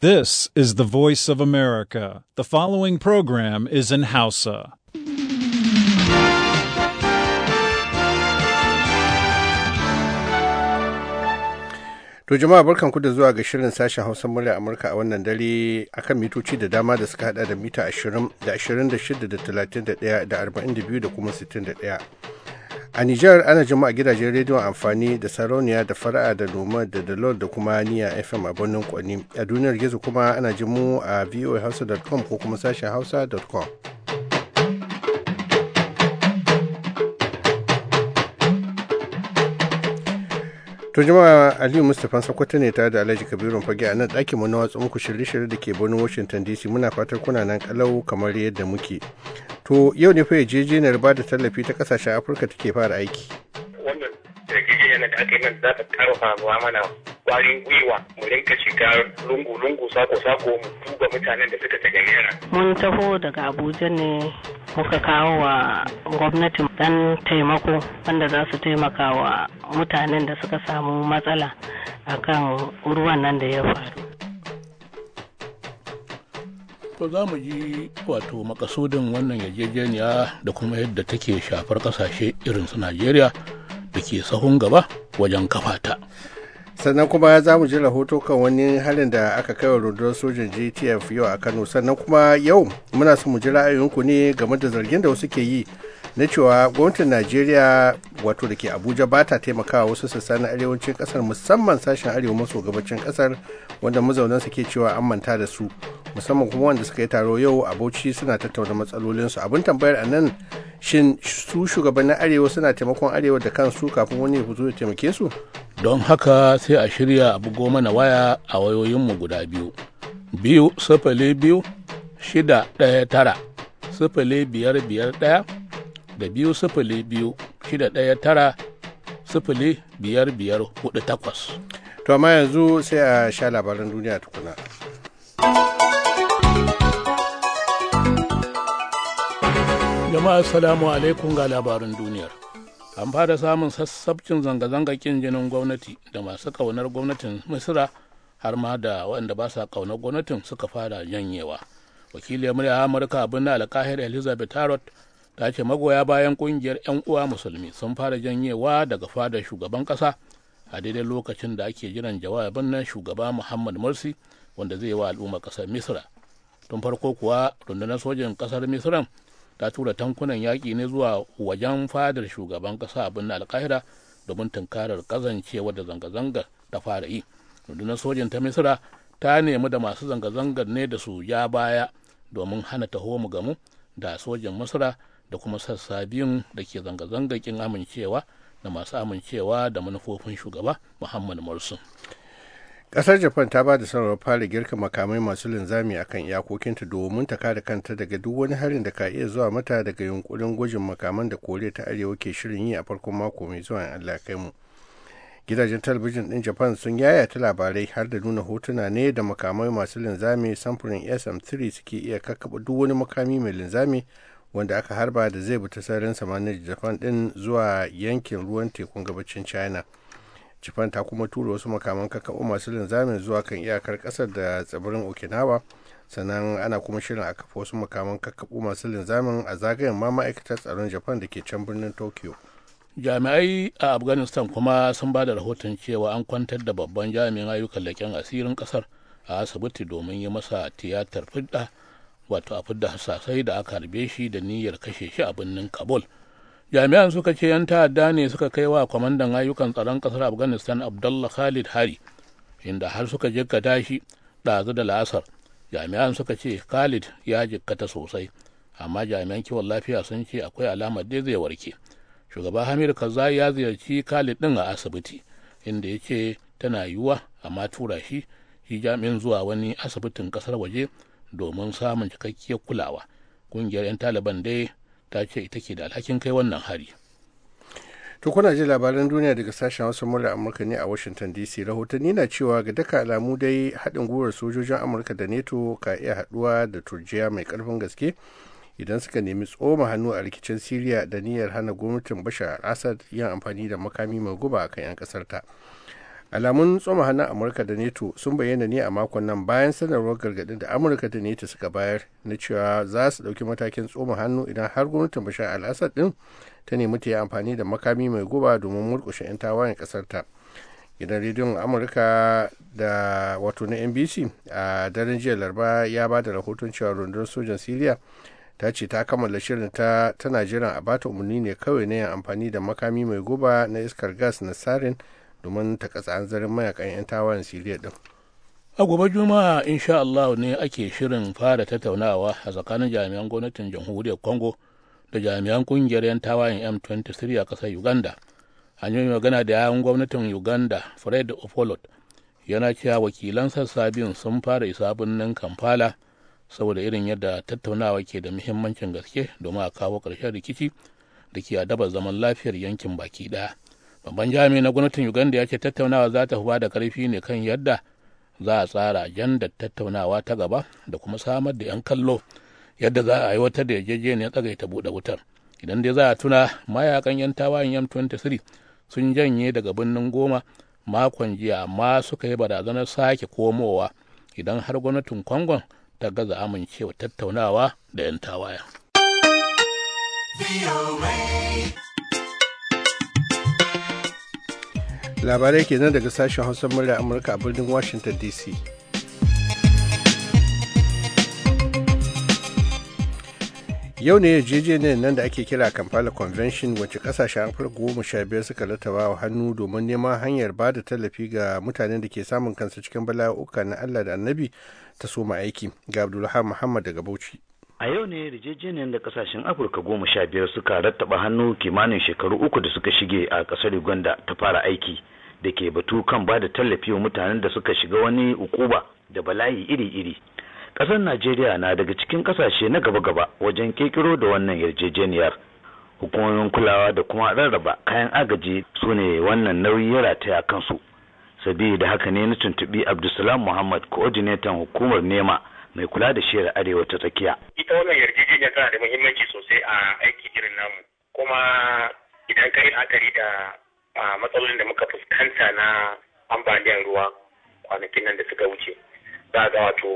This is the voice of America. The following program is in Hausa. To jama'a barkanku da zuwa ga shirin sashen Hausa murya Amurka a wannan dare akan mitoci da dama da suka hada da mita 20 da 26 da 31 da 42 da kuma 61. a nijar ana jima a gidajen rediyon amfani da sarauniya da fara'a da noma da dalol da kuma niya fm a birnin kwani a duniyar gizo kuma ana jimu a voahausa.com ko kuma sashen hausa.com to jama'a aliyu mustapha sakwato ne tare da alhaji kabirun fage a nan ɗakin mu na watsa muku shirye-shirye da ke birnin washington dc muna fatar kuna nan kalau kamar yadda muke to yau ne fa yarjejeniyar ba da tallafi ta kasashen afirka take fara aiki wannan yarjejeniyar da aka yi nan za ta faruwa mana kwarin gwiwa mu rinka shiga lungu-lungu sako-sako mu duba mutanen da suka tagayyara. Mun taho daga Abuja ne muka kawo wa gwamnati dan taimako wanda za su taimaka wa mutanen da suka samu matsala a kan ruwan nan da ya faru to za mu ji wato makasudin wannan yajejeniya da kuma yadda take shafar kasashe irin su najeriya da ke sahun gaba wajen kafata. sannan kuma za mu ji rahoto kan wani halin da aka kai wa rundunar sojan gtf yau a kano sannan kuma yau muna so mu ji ra'ayinku ne game da zargin da wasu ke yi na cewa gwamnatin najeriya wato da ke abuja ba ta taimakawa wasu sassa na arewacin kasar musamman sashen arewa maso gabacin kasar wanda mazaunan ke cewa an manta da su musamman kuma wanda suka yi taro yau a bauchi suna tattauna matsalolinsu abin tambayar a nan shin su shugabannin arewa suna taimakon arewa da kansu kafin wani ya fito ya taimake su don haka sai a shirya a bugo mana waya a wayoyinmu guda biyu biyu sifili biyu shida ɗaya tara sifili biyar biyar ɗaya da biyu sifili biyu shida ɗaya tara sifili biyar biyar hudu takwas. To amma yanzu sai a sha labaran duniya tukuna. Jama'a salamu alaikum ga labarin duniyar. An fara samun sassabcin zanga-zanga kin jinin gwamnati da masu ƙaunar gwamnatin Misira har ma da waɗanda ba sa ƙaunar gwamnatin suka fara janyewa. Wakiliyar murya Amurka abin da alkahir Elizabeth harrod. ta ce magoya bayan kungiyar 'yan uwa musulmi sun fara janyewa daga fadar shugaban kasa a daidai lokacin da ake jiran jawabin na shugaba muhammad morsi wanda zai wa al'ummar kasar misra tun farko kuwa rundunar sojin kasar misran ta tura tankunan yaƙi ne zuwa wajen fadar shugaban kasa abin na alkahira domin tunkarar kazancewa da zanga-zangar ta fara yi rundunar sojin ta misra ta nemi da masu zanga-zangar ne da su ya baya domin hana taho mu gamu da sojin misra da kuma sassa biyun da ke zanga-zanga kin amincewa da masu amincewa da manufofin shugaba muhammad morsun kasar japan ta ba da sanarwar fara girka makamai masu linzami akan iyakokinta domin ta kare kanta daga duk wani harin da ka iya zuwa mata daga yunkurin gwajin makaman da koriya ta arewa ke shirin yi a farkon mako mai zuwa in allah kai mu gidajen talabijin din japan sun yayata labarai har da nuna hotuna ne da makamai masu linzami samfurin sm3 suke iya kakaba duk wani makami mai linzami wanda aka harba da zai bi ta sararin samaniyar japan din zuwa yankin ruwan tekun gabacin china japan ta kuma tura wasu makaman kakaɓo masu linzamin zuwa kan iyakar ƙasar da tsibirin okinawa sannan ana kuma shirin a kafa wasu makaman kakaɓo masu linzamin a zagayen ma ma'aikatar tsaron japan da ke can birnin tokyo jami'ai a afghanistan kuma sun ba da rahoton cewa an kwantar da babban jami'in ayyukan leƙen asirin ƙasar a asibiti domin yi masa tiyatar fidda wato a fidda hasasai da aka harbe shi da niyyar kashe shi a birnin kabul jami'an suka ce 'yan ta'adda ne suka kai wa kwamandan ayyukan tsaron kasar afghanistan abdullah khalid hari inda har suka jikkata shi ɗazu da la'asar jami'an suka ce khalid ya jikkata sosai amma jami'an kiwon lafiya sun ce akwai alamar dai zai warke shugaba hamir karzai ya ziyarci khalid ɗin a asibiti inda ya ce tana yiwuwa amma tura shi shi jami'in zuwa wani asibitin kasar waje domin samun cikakkiyar kulawa ƙungiyar 'yan taliban dai ta ce ita ke da alhakin kai wannan hari to kuna ji labaran duniya daga sashen wasu murar amurka ne a washington dc rahotanni na cewa ga daka alamu dai haɗin gwiwar sojojin amurka da neto ka iya haɗuwa da turjiya mai ƙarfin gaske idan suka nemi tsoma hannu a rikicin siriya da niyyar hana gwamnatin bashar assad yin amfani da makami mai guba a kan 'yan ƙasar ta alamun tsoma hannun amurka da neto sun bayyana ne a makon nan bayan sanarwar gargadin da amurka da neto suka bayar na cewa za su ɗauki matakin tsoma hannu idan har gwamnatin bashar al-assad din ta nemi ta yi amfani da makami mai guba domin murkushe 'yan tawayen kasar ta gidan rediyon amurka da wato na nbc a daren jiya larba ya ba da rahoton cewa rundunar sojan siriya ta ce ta kammala shirin ta tana jiran a bata umarni ne kawai na yin amfani da makami mai guba na iskar gas na sarin domin ta kasa zarin mayakan 'yan tawayen siriya din a gobe juma'a insha allahu ne ake shirin fara tattaunawa a tsakanin jami'an gwamnatin jamhuriyar congo da jami'an kungiyar 'yan tawayen m23 a kasar uganda hanyoyin magana da yayan gwamnatin uganda fred opolot yana cewa wakilan sassa biyun sun fara isa birnin kampala saboda irin yadda tattaunawa ke da muhimmancin gaske domin a kawo ƙarshen rikici da ke adabar zaman lafiyar yankin baki ɗaya babban jami na gwamnatin uganda ya ce tattaunawa za ta huba da karfi ne kan yadda za a tsara janda tattaunawa ta gaba da kuma samar da 'yan kallo yadda za a wata da yarjejeniyar tsagaita buɗe wutar idan dai za a tuna mayakan 'yan tawayen yam 23 sun janye daga birnin goma makon jiya amma suka yi barazanar sake komowa idan har gwamnatin kwangon ta gaza amincewa tattaunawa da 'yan tawayen. labarai ke nan daga sashen hausa murya amurka a birnin washington dc yau ne ne nan da ake kira kampala convention wacce kasashen afirka goma sha biyar suka latawa wa hannu domin neman hanyar ba da tallafi ga mutanen da ke samun kansu cikin bala'uka na allah da annabi ta soma aiki ga abdulhamid muhammad daga bauchi a yau ne yarjejeniyar da kasashen afirka goma sha biyar suka rattaba hannu kimanin shekaru uku da suka shige a kasar uganda ta fara aiki da ke batu kan ba da tallafi wa mutanen da suka shiga wani ukuba da bala'i iri-iri Ƙasar najeriya na daga cikin ƙasashe na gaba-gaba wajen ƙirƙiro da wannan yarjejeniyar hukumomin kulawa da kuma rarraba kayan agaji su ne wannan nauyi ya rataya kansu sabida haka ne na Tuntuɓi abdulsalam muhammad coordinator hukumar nema mai kula da shiyar arewa ta tsakiya. Ita wannan yarjejeniya tana da muhimmanci sosai a aiki irin namu kuma idan ka yi la'akari da matsalolin da muka fuskanta na ambaliyar ruwa kwanakin nan da suka wuce za ga wato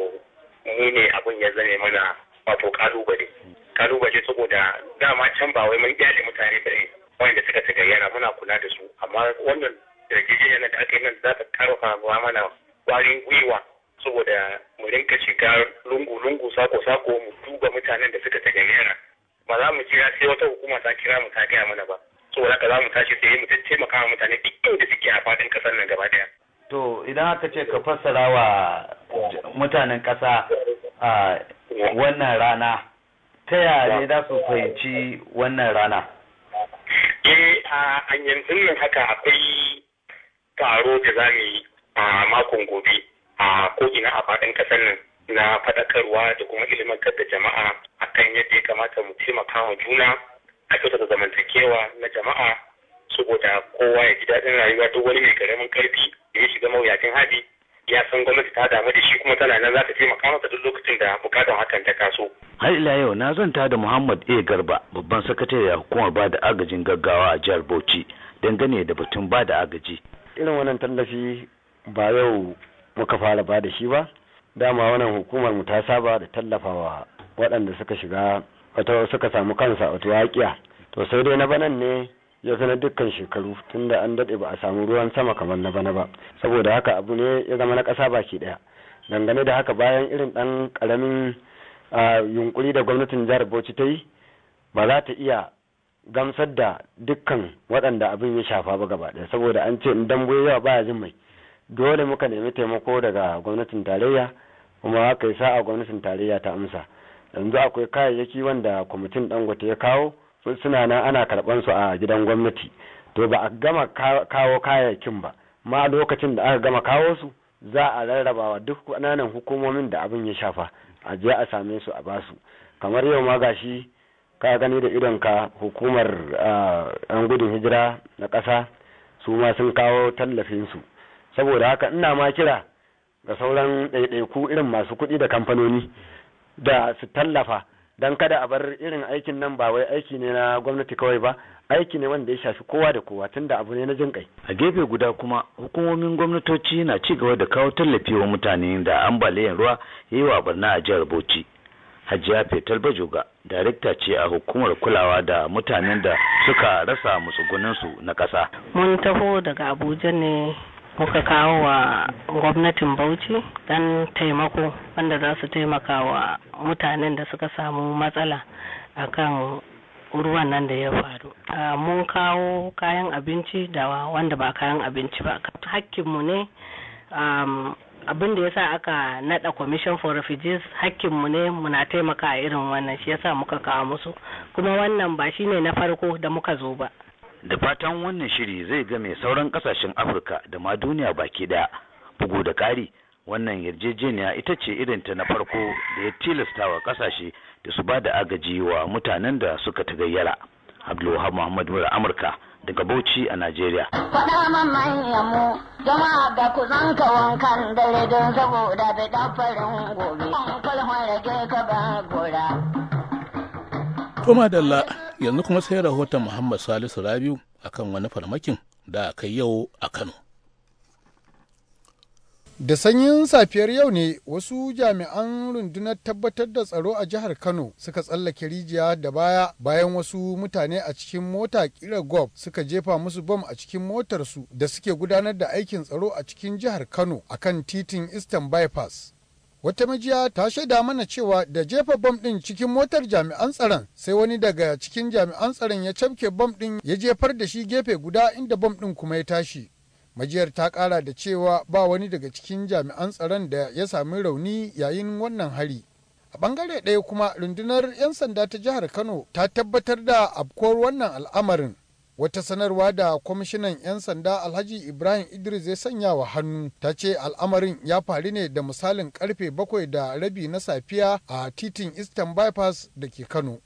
mu ne abin ya zame mana wato kalubale kalubale saboda dama can ba wai mun gyale mutane da wanda suka yana muna kula da su amma wannan yarjejeniyar da aka yi nan za ta karfafa mana kwarin gwiwa saboda mu rinka shiga lungu-lungu sako-sako mu duba mutanen da suka naira, ba za mu kira sai wata hukuma ta kira mu ta gaya mana ba saboda ka za mu tashi sai mu taimaka wa mutane duk inda suke a faɗin ƙasar nan gaba ɗaya. to idan aka ce ka fassara wa mutanen ƙasa a wannan rana ta yare za su fahimci wannan rana. eh a yanzu nan haka akwai taro da za mu yi a makon gobe a ko'ina a faɗin ƙasar nan na faɗakarwa da kuma ilimantar da jama'a akan yadda ya kamata mu taimaka wa juna a kyautata zamantakewa na jama'a saboda kowa ya ji daɗin rayuwa duk wani mai karamin karfi da ya shiga mawuyacin hali ya san gwamnati ta damu da shi kuma tana nan za ta taimaka masa duk lokacin da bukatar hakan ta kaso. Har ila yau na zanta da Muhammad A Garba babban sakatare a hukumar ba da agajin gaggawa a jihar Bauchi dangane da batun ba da agaji. Irin wannan tallafi ba yau muka fara ba da shi ba dama wannan hukumar mu ta saba da tallafawa waɗanda suka shiga wata suka samu kansa wato yaƙiya to sai dai na banan ne ya zana dukkan shekaru tunda an daɗe ba a samu ruwan sama kamar na bana ba saboda haka abu ne ya zama na ƙasa baki ɗaya dangane da haka bayan irin ɗan ƙaramin yunkuri da gwamnatin jihar bauchi ta yi ba za ta iya gamsar da dukkan waɗanda abin ya shafa ba gaba ɗaya saboda an ce in dambo yawa baya jin mai dole muka nemi taimako daga gwamnatin tarayya kuma aka yi sa'a gwamnatin tarayya ta amsa yanzu akwai kayayyaki wanda kwamitin dangote ya kawo suna nan ana karɓar su a gidan gwamnati to ba a gama kawo kayayyakin ba ma lokacin da aka gama kawo su za a wa duk ƙananan hukumomin da abin ya shafa a je a same su a basu kamar yau ma gashi ka gani da idon ka hukumar ah, yan gudun hijira na ƙasa su ma sun kawo tallafin su. saboda haka ina ma kira ga sauran ɗaiɗaiku irin masu kuɗi da kamfanoni da su tallafa don kada a bar irin aikin nan ba wai aiki ne na gwamnati kawai ba aiki ne wanda ya shafi kowa da kowa tun da abu ne na jin kai a gefe guda kuma hukumomin gwamnatoci na ci gaba da kawo tallafi wa mutane da ambaliyar ruwa ya yi wa barna a jihar bauchi hajiya fetal bajoga darekta ce a hukumar kulawa da mutanen da suka rasa matsugunansu na ƙasa mun taho daga abuja ne muka kawo wa gwamnatin bauchi dan taimako wanda za su taimaka wa mutanen da suka samu matsala akan ruwan nan da ya faru mun kawo kayan abinci da wanda ba kayan abinci ba hakkinmu ne abin da ya sa aka nada commission for refugees hakkinmu ne muna taimaka irin wannan shi ya sa muka kawo musu kuma wannan ba shine na farko da muka zo ba da fatan wannan shiri zai game sauran kasashen afirka da ma duniya baki daya bugu da ƙari wannan yarjejeniya ita ce irinta na farko da ya tilasta wa kasashe da su ba da agaji wa mutanen da suka ta gayyara. abdulwahab muhammad mura amurka daga bauchi a najeriya faɗa man manyan mu jama'a da ku zanka wankan dare don saboda bai farin gobe Toma Dalla yanzu kuma sai rahoton Muhammad Salisu Rabiu akan wani farmakin da aka yau a Kano. Da sanyin safiyar yau ne wasu jami'an rundunar tabbatar da tsaro a jihar Kano suka tsallake rijiya da baya bayan wasu mutane a cikin mota kira gob suka jefa musu bom a cikin motarsu da suke gudanar da aikin tsaro a cikin jihar Kano akan titin Eastern Bypass. Wata majiya ta shaida mana cewa da jefa bom ɗin cikin motar jami'an tsaron sai wani daga cikin jami'an tsaron ya cafke bom ɗin ya jefar da shi gefe guda inda bom ɗin kuma ya tashi. Majiyar ta kara da cewa ba wani daga cikin jami'an tsaron da ya sami rauni yayin wannan hari. A bangare ɗaya kuma rundunar 'yan sanda ta jihar Kano ta tabbatar da afkuwar wannan al'amarin. Wata sanarwa da kwamishinan 'yan sanda Alhaji Ibrahim Idris ya sanya wa hannu ta ce al'amarin ya faru ne da misalin karfe bakwai da rabi na safiya a titin Eastern Bypass da ke Kano.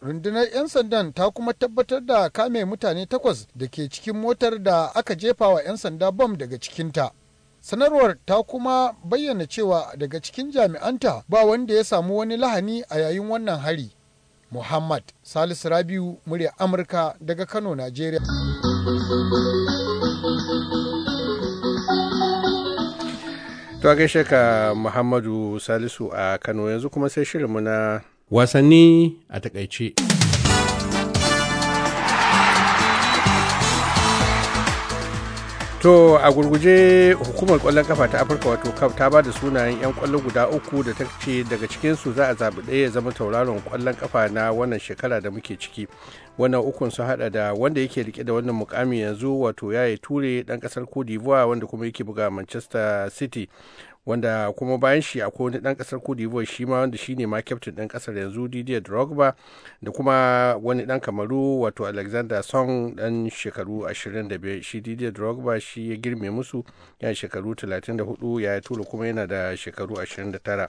Rundunar 'yan sandan ta kuma tabbatar da kame mutane takwas da ke cikin motar da aka jefa wa 'yan sanda bom daga cikinta. sanarwar ta kuma bayyana cewa daga cikin jami'anta ba wanda ya samu wani lahani a yayin wannan hari Muhammad Salisu Rabiu murya Amurka daga Kano, Najeriya. To gaishe ka Muhammadu Salisu a Kano yanzu kuma sai shirinmu na wasanni a takaice. to a gurguje hukumar kwallon kafa ta afirka wato kaf ta ba da sunayen 'yan kwallo guda uku da ta ce daga su za a zaɓi ɗaya ya zama tauraron kwallon kafa na wannan shekara da muke ciki wannan ukun sun hada da wanda yake rike da wannan mukami yanzu wato yaye ture dan kasar cote d'ivoire wanda kuma yake buga manchester city wanda kuma bayan shi akwai wani dan kasar Cote d'Ivoire shi ma wanda shine ma captain din kasar yanzu Didier Drogba da kuma wani dan Kamaru wato Alexander Song dan shekaru 25 shi Didier Drogba shi ya girme musu yana shekaru 34 ya tura kuma yana da shekaru 29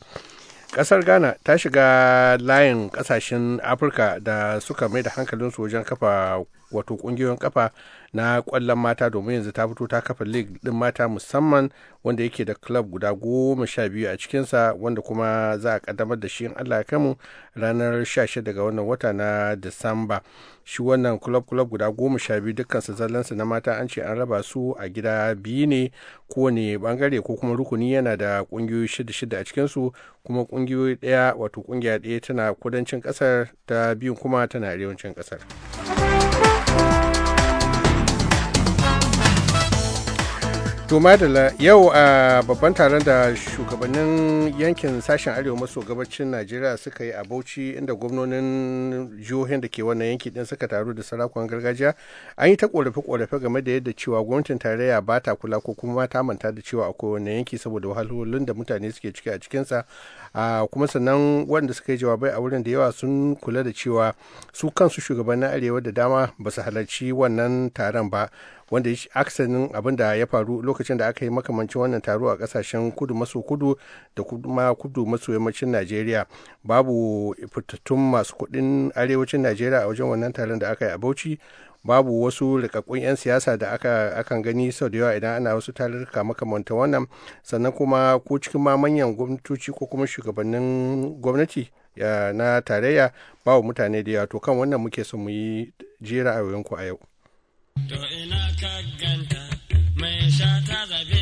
kasar ghana ta shiga layin kasashen afirka da suka mai da hankalinsu wajen kafa wato kungiyoyin kafa na kwallon mata domin yanzu ta fito ta kafa league din mata musamman wanda yake da club guda goma sha biyu a cikinsa wanda kuma za a kaddamar da shi in allah kamu ranar 16 daga wannan wata na disamba shi wannan club club guda goma sha biyu dukkansu zallansu na mata an ce an raba su a gida biyu ne kowane bangare ko kuma rukuni yana da kungiyoyi shida shida a cikinsu kuma kungiyoyi daya wato kungiya daya tana kudancin kasar ta biyun kuma tana arewacin kasar. To madala yau a babban taron da shugabannin yankin sashen arewa maso gabacin Najeriya suka yi a Bauchi inda gwamnonin jihohin da ke wannan yanki din suka taru da sarakunan gargajiya an yi ta korafe-korafe game da yadda cewa gwamnatin tarayya ba ta kula ko kuma ta manta da cewa akwai wannan yanki saboda wahalolin da mutane suke ciki a cikinsa kuma sannan waɗanda suka yi jawabai a wurin da yawa sun kula da cewa su kansu shugabannin arewa da dama ba su halarci wannan taron ba wanda aksanin abin da ya faru lokacin da aka yi makamanci wannan taro a kasashen kudu maso kudu da kuma kudu maso yammacin najeriya babu fitattun masu kudin arewacin najeriya a wajen wannan taron da aka yi a bauchi babu wasu rikakkun 'yan siyasa da aka akan gani sau da yawa idan ana wasu tarurruka makamanta wannan sannan kuma ko cikin ma manyan gwamnatoci ko kuma shugabannin gwamnati na tarayya babu mutane da yawa to kan wannan muke son mu yi jera a a yau To ina ka ganta mai sha ta zabe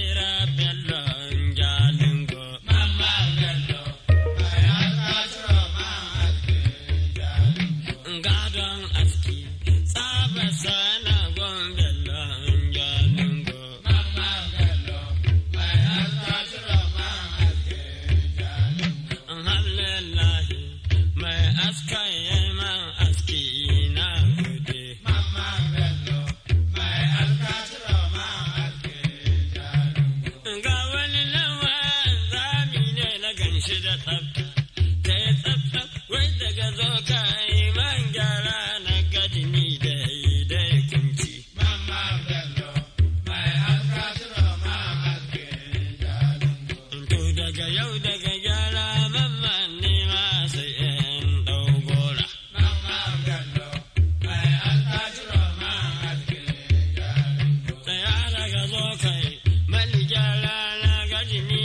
azumi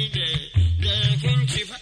da kun ci fa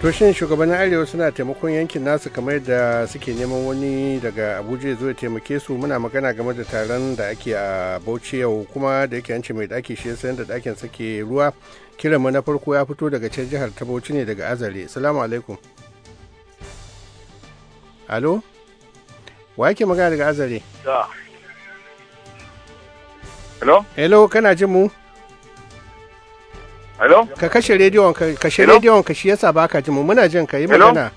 Toshin shugabannin arewa suna taimakon yankin nasu kamar da suke neman wani daga abuja ya zo ya taimake su muna magana game da taron da ake a bauchi yau kuma da yake yanci mai daki shi sayan da dakin sake ruwa kiranmu na farko ya fito daga can jihar ta bauchi ne daga azare salamu alaikum alo wa yake magana daga azare hello hello kana jin mu Hello? Ka kashe rediyon ka kashe rediyon ka shi yasa baka ji mu muna jin ka yi magana.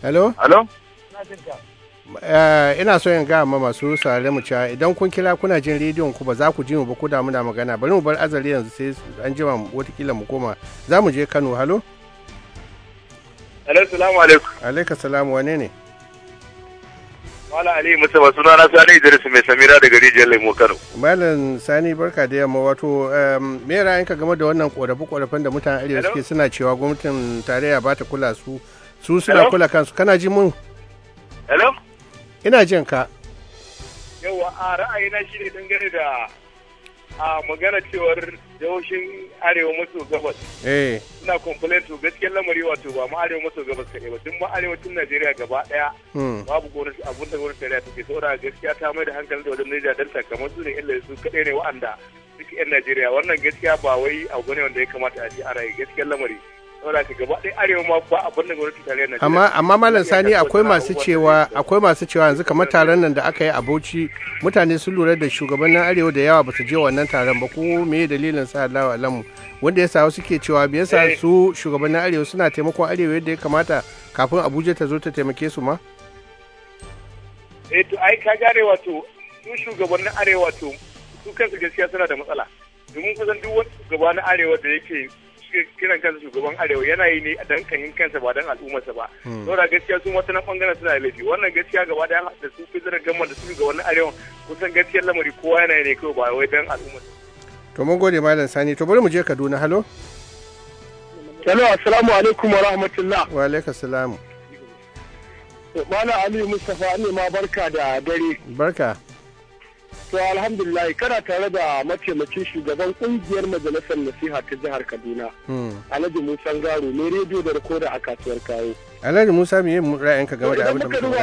Hello? Hello? Eh, ina so in ga ma masu sare mu cewa idan kun kira kuna jin rediyon ku ba za ku ji mu ba ko da muna magana bari mu bar azali yanzu sai an jima watakila mu koma za mu je Kano hallo? Hello salamu alaikum. Alaikum salam, wane ne? Mala Ali Musa, suna na Sani Idris mai Samira daga rijiyar Lemo Kano. Malam Sani barka da yamma wato me ka game da wannan korafi korafin da mutanen Arewa suke suna cewa gwamnatin tarayya ba ta kula su su suna kula kansu kana ji mun? Hello? Ina jin ka. Yawa a ra'ayina shi ne dangane da a magana cewar jihohin arewa maso gabas suna eh. complain to gaskiyar lamari wato ba ma arewa maso gabas kaɗai ba tun ma arewacin najeriya gaba ɗaya hmm. babu gwamnati abun da gona shari'a take saura gaskiya ta mai da hankali da wajen niger delta kamar su ne illa su kaɗai ne wa'anda duk 'yan najeriya wannan gaskiya ba wai a ne wanda ya kamata a ji a rai gaskiyar lamari ka gaba ɗaya arewa ma ba abin da tarayyar Najeriya amma amma malam sani akwai masu cewa akwai masu cewa yanzu kamar taron nan da aka yi a Bauchi mutane sun lura da shugabannin arewa da yawa ba su je wannan taron ba ko me dalilin sa Allahu alamu wanda yasa wasu ke cewa bi yasa eh. su shugabannin arewa suna taimakon arewa yadda ya kamata kafin Abuja ta zo ta taimake su ma eh to ai ka gare wato su shugabannin arewa to su kansu gaskiya suna da matsala domin kusan duk wani shugaba na arewa da yake kiran kansa shugaban arewa yana yi ne a kahin kansa ba dan al'ummarsa ba hmm. saboda gaskiya sun wata na bangaren suna laifi wannan gaskiya gaba da da su fizar gama da su wani arewa kusan gaskiya lamari kowa yana yi ne kawai ba wai dan al'ummarsa to mun gode malam sani to bari mu je kaduna halo hello assalamu alaikum wa rahmatullah wa alaikum salam malam ali mustafa ne ma barka da dare barka To alhamdulillah kana tare da mataimakin shugaban kungiyar majalisar nasiha ta jihar Kaduna. Hmm. Alhaji Musa Garo ne rediyo da rikoda a kasuwar kayo. Alhaji Musa me yin ka game da abin da muka duba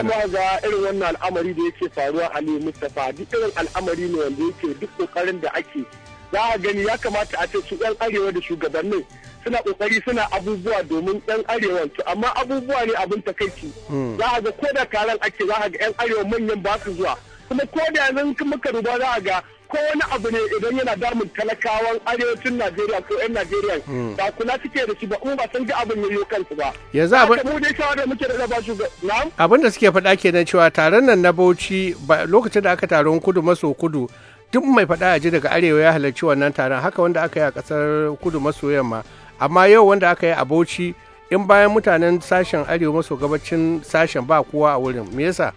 irin wannan al'amari da yake faruwa Ali Mustafa duk irin al'amari ne wanda yake duk kokarin da ake za a gani ya kamata a ce su yan arewa da shugabannin suna kokari suna abubuwa domin yan arewa to amma abubuwa ne abin takaici hmm. za a ga ko da taron ake za a ga yan arewa manyan ba su zuwa kuma ko da yanzu muka duba za a ga ko wani abu ne idan yana damun talakawan arewacin Najeriya ko 'yan Najeriya hmm. ba kula suke da shi ba kuma ba san ga abin yayyo kansu ba. Yanzu abin da shawara muke da ba shi na'am. Abin da suke faɗa kenan cewa taron nan na Bauchi lokacin da aka taron kudu maso kudu duk mai faɗa a ji daga arewa ya halarci wannan taron haka wanda aka yi a kasar kudu maso yamma amma yau wanda aka yi a Bauchi in bayan mutanen sashen arewa maso gabacin sashen ba kowa a wurin me yasa?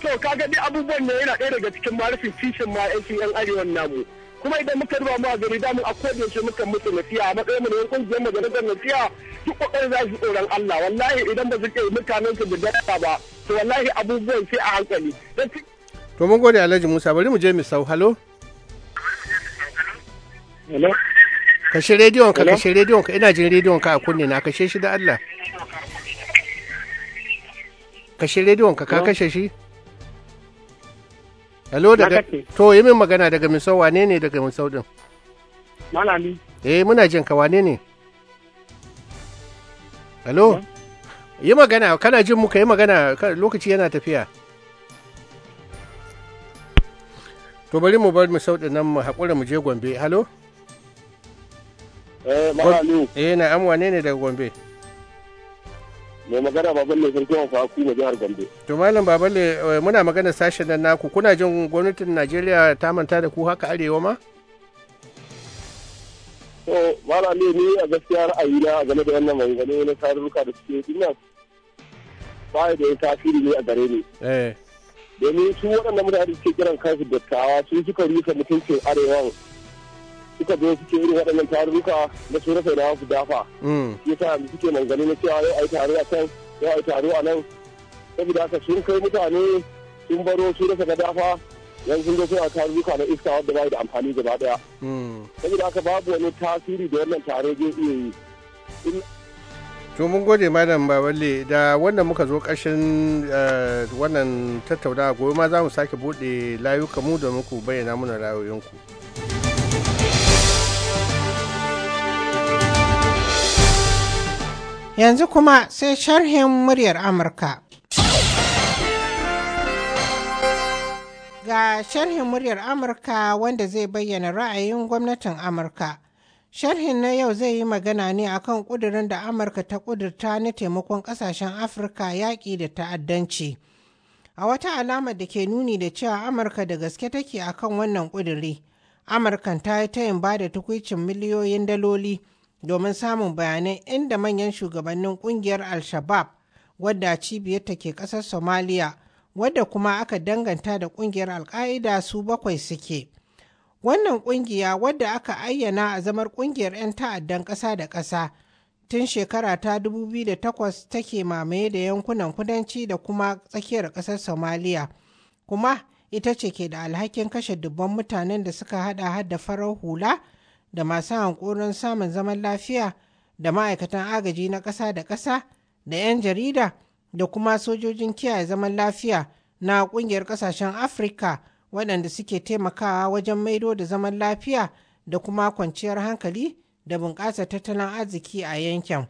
to kaga dai abubuwan ne yana ɗaya daga cikin marufin kishin ma yanci yan arewan namu kuma idan muka ruba mu a gari da mu a kodin shi muka mutu fiya a matsayin mu ne kungiyar na fiya duk kokarin za su tsoron Allah wallahi idan ba su ke mutanen su da ba to wallahi abubuwan sai a hankali to mun gode Alhaji Musa bari mu je mu sau halo kashe rediyon ka kashe rediyon ka ina jin rediyon ka a kunne na kashe shi da Allah kashe rediyon ka ka kashe shi Hello daga to yi min magana daga Misau wane ne daga Misau din? Malami. Eh muna jin ka wane ne? Hello? Yi magana kana jin muka yi magana lokaci yana tafiya. To bari mu bar Misau din nan mu haƙura mu je Gombe. Hello? Eh malami. Eh na'am wane ne daga Gombe? mai magana baballe sun kuma a kuma jihar gombe to malam baballe eh, muna magana sashen nan naku kuna jin gwamnatin najeriya ta manta da ku haka arewa ma to malam ne a gaskiya ra'ayi na game da wannan maganganu na tarurruka da suke yi nan ba da ya tasiri ne a gare ni eh. domin su waɗanda mutane suke kiran kansu dattawa sun suka rusa mutuncin arewa suka zo suke irin waɗannan tarurruka na su rasa da su dafa. Mm. Shi yasa suke mangani na cewa yau a yi taro a can yau a yi taro a nan. Saboda haka sun kai mutane sun baro su rasa da dafa yanzu sun zo suna tarurruka na iska wadda ba da amfani gaba daya. Mm. Saboda haka babu wani tasiri da wannan taro zai iya yi. to mun gode madam baballe da wannan muka zo ƙarshen eh, wannan tattaunawa gobe ma za mu sake buɗe layuka mu da muku bayyana muna ra'ayoyinku. Yanzu kuma sai sharhin muryar Amurka. Ga sharhin muryar Amurka wanda zai bayyana ra'ayin gwamnatin Amurka. Sharhin na yau zai yi magana ne akan ƙudurin da Amurka ta ƙudurta na taimakon ƙasashen Afirka yaƙi da ta'addanci. A wata alamar da ke nuni da cewa Amurka da gaske take akan wannan ƙudiri, Amurkan ta yi tayin ba da tukwicin miliyoyin daloli domin samun bayanan inda manyan shugabannin kungiyar al-shabab wadda cibiyarta ke ƙasar somaliya wadda kuma aka danganta da kungiyar al su bakwai suke wannan kungiya wadda aka ayyana a zamar kungiyar 'yan ta'addan ƙasa da ƙasa tun shekara ta 2008 take mamaye da yankunan kudanci da kuma tsakiyar ƙasar somaliya kuma ita ce ke da alhakin kashe dubban mutanen da suka hada hada farar hula da masu hankurin samun zaman lafiya da ma'aikatan agaji na ƙasa da ƙasa da 'yan jarida da kuma sojojin kiyaye zaman lafiya na ƙungiyar ƙasashen afirka waɗanda suke taimakawa wajen maido da zaman lafiya da kuma kwanciyar hankali da bunƙasa tattalin arziki a yankin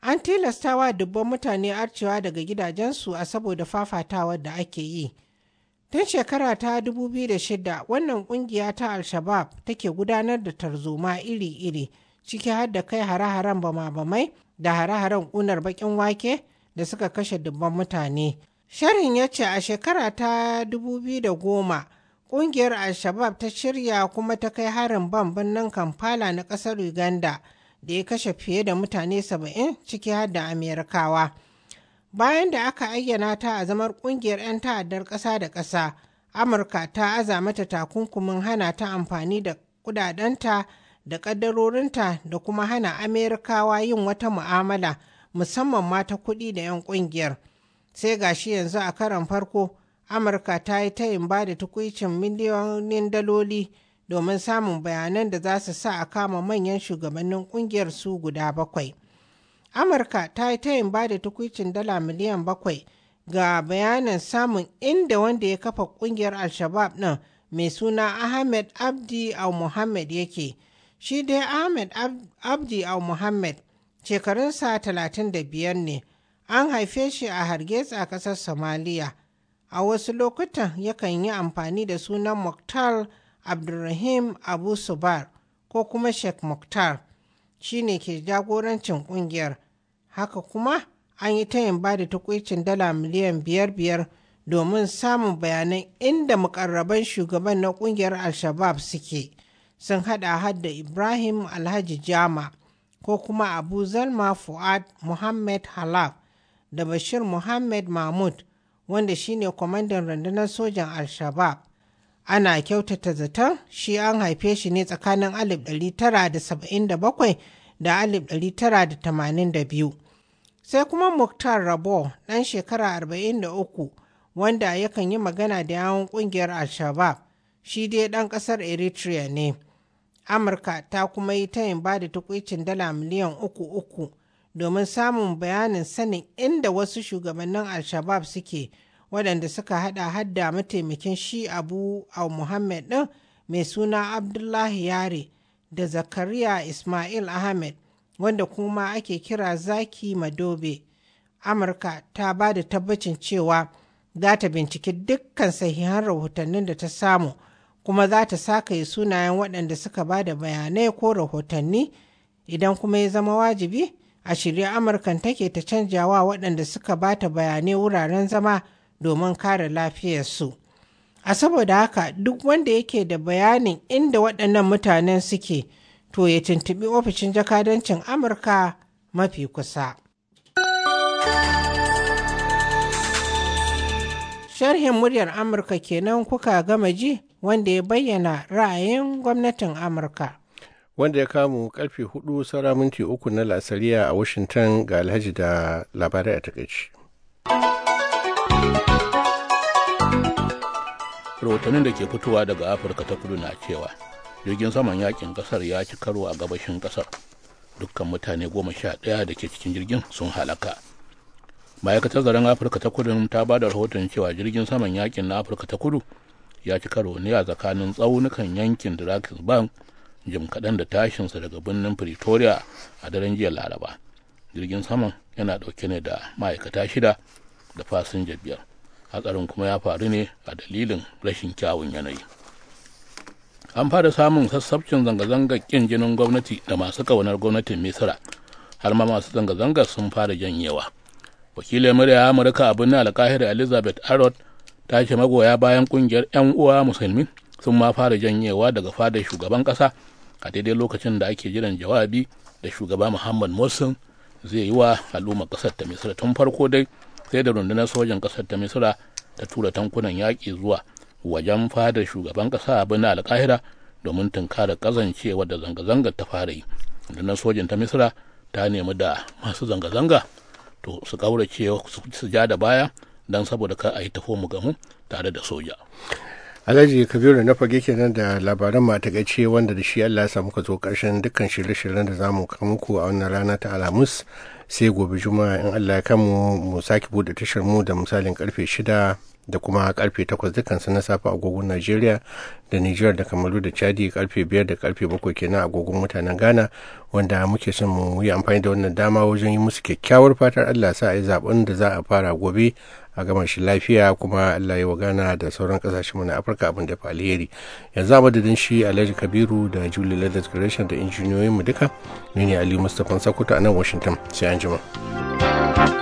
an tilastawa dubban mutane arcewa daga gidajensu a saboda fafatawar da ake yi Tun shekara ta 2006 wannan kungiya ta Al-Shabab take gudanar da tarzoma iri-iri ciki har da kai hare-haren bama-bamai da hare-haren ƙunar baƙin wake da suka kashe dubban mutane. Sharhin ya ce a shekara ta 2010 ƙungiyar Al-Shabab ta shirya kuma ta kai harin bam birnin Kampala na ƙasar Uganda da ya kashe fiye da mutane 70 ciki har da Amerikawa. Bayan da aka ayyana ta a zamar ƙungiyar 'yan ta'addar ƙasa da ƙasa, Amurka ta aza mata takunkumin hana ta amfani da kudadenta da ƙaddarorinta da kuma hana Amerikawa yin wata mu'amala musamman ma ta kuɗi da 'yan ƙungiyar. Sai gashi yanzu a karon farko, Amurka ta yi tayin ba da tukuicin miliyonin daloli domin samun bayanan da za su sa a kama manyan shugabannin ƙungiyar su guda bakwai. amurka ta yi tayin ba da tukwicin dala miliyan bakwai ga bayanan samun inda wanda ya kafa kungiyar al-shabab ɗin mai suna ahmed abdi al muhammad yake shi dai ahmed abdi al muhammad shekarunsa 35 ne an haife shi a harges a ƙasar somaliya a wasu lokutan yakan yi amfani da sunan muktar abdulrahim abu subar ko kuma sheikh muktar shine ke jagorancin ƙungiyar haka kuma an yi tayin ba da takwicin dala miliyan biyar biyar domin samun bayanan inda mukarraban shugaban na kungiyar al-shabab suke sun hada hadda ibrahim alhaji jama ko kuma abu zalma fuad muhammad halaf da bashir muhammad mahmud wanda shine kwamandan rundunar sojan al-shabab ana kyautata zaton shi an haife shi ne tsakanin 1977 da 1982 Sai kuma Muktar Rabo ɗan shekara 43 wanda yakan yi magana da yawon ƙungiyar Al-Shabaab shi dai ɗan ƙasar Eritrea ne. Amurka ta kuma yi tayin ba da tukwicin dala miliyan uku uku domin samun bayanin sanin inda wasu shugabannin Al-Shabaab suke waɗanda suka hada hadda mataimakin shi Abu au Muhammad ɗin mai suna Abdullahi Yare da Zakariya Ismail Ahmed wanda kuma ake kira zaki madobe amurka ta ba da tabbacin cewa za ta binciki dukkan sahihan rahotannin da ta samu kuma za ta saka yi sunayen waɗanda suka ba da bayanai ko rahotanni idan kuma ya zama wajibi a shirya amurkan take ta canjawa waɗanda suka ba ta bayanai wuraren zama domin kare lafiyarsu a saboda haka duk wanda yake da bayanin inda waɗannan mutanen suke to ya tuntuɓi ofishin jakadancin Amurka mafi kusa. Sharhin muryar Amurka kenan kuka gama ji wanda ya bayyana ra'ayin gwamnatin Amurka. Wanda ya kamu karfe hudu saura minti uku na lasariya a Washington ga alhaji da labarai a takaici. Rahotannin da ke fitowa daga Afirka ta kudu na cewa jirgin saman yakin kasar ya ci karo a gabashin kasar dukkan mutane goma sha ɗaya da ke cikin jirgin sun halaka ma'aikatar zaren afirka ta kudu ta ba da rahoton cewa jirgin saman yakin na afirka ta kudu ya ci karo ne a tsakanin tsaunukan yankin bank jim kaɗan da tashinsa daga birnin pretoria a daren jiya laraba jirgin saman yana ɗauke ne da ma'aikata shida da fasinja biyar hatsarin kuma ya faru ne a dalilin rashin kyawun yanayi an fara samun sassabcin zanga zanga kin jinin gwamnati da masu ƙaunar gwamnatin misira har ma masu zanga-zangar sun fara janyewa wakilin murya amurka abin na alkahira elizabeth arrod ta ce magoya bayan kungiyar 'yan uwa musulmi sun ma fara janyewa daga fadar shugaban kasa a daidai lokacin da ake jiran jawabi da shugaba muhammad morsin zai yi wa al'ummar kasar ta misira tun farko dai sai da rundunar sojan kasar ta misira ta tura tankunan yaƙi zuwa wajen fadar shugaban ƙasa a birnin alkahira domin tunkarar kasancewa da zanga-zanga ta fara yi na sojin ta misra ta nemi da masu zanga-zanga to su kaurace su ja da baya don saboda ka a yi tafo mu gamu tare da soja alhaji kabiru na fage kenan da labaran mata gace wanda da shi allah ya samu ka zo karshen dukkan shirye-shiryen da zamu kai muku a wannan rana ta alhamis sai gobe juma'a in allah ya kamu mu sake bude tashar mu da misalin karfe shida da kuma karfe 8 dukansu na safe agogon Najeriya da Nijar da Kamaru da Chadi karfe biyar da karfe bakwai kenan agogon mutanen Ghana wanda muke son mu yi amfani da wannan dama wajen yi musu kyakkyawar fatar Allah sa a yi zaben da za a fara gobe a gama shi lafiya kuma Allah ya Ghana da sauran kasashen mu na Afirka abin da alheri yanzu a madadin shi Alhaji Kabiru da Julie Leathers Creation da injiniyoyin mu duka ni ne Ali Mustapha Sakuta a nan Washington sai an jima.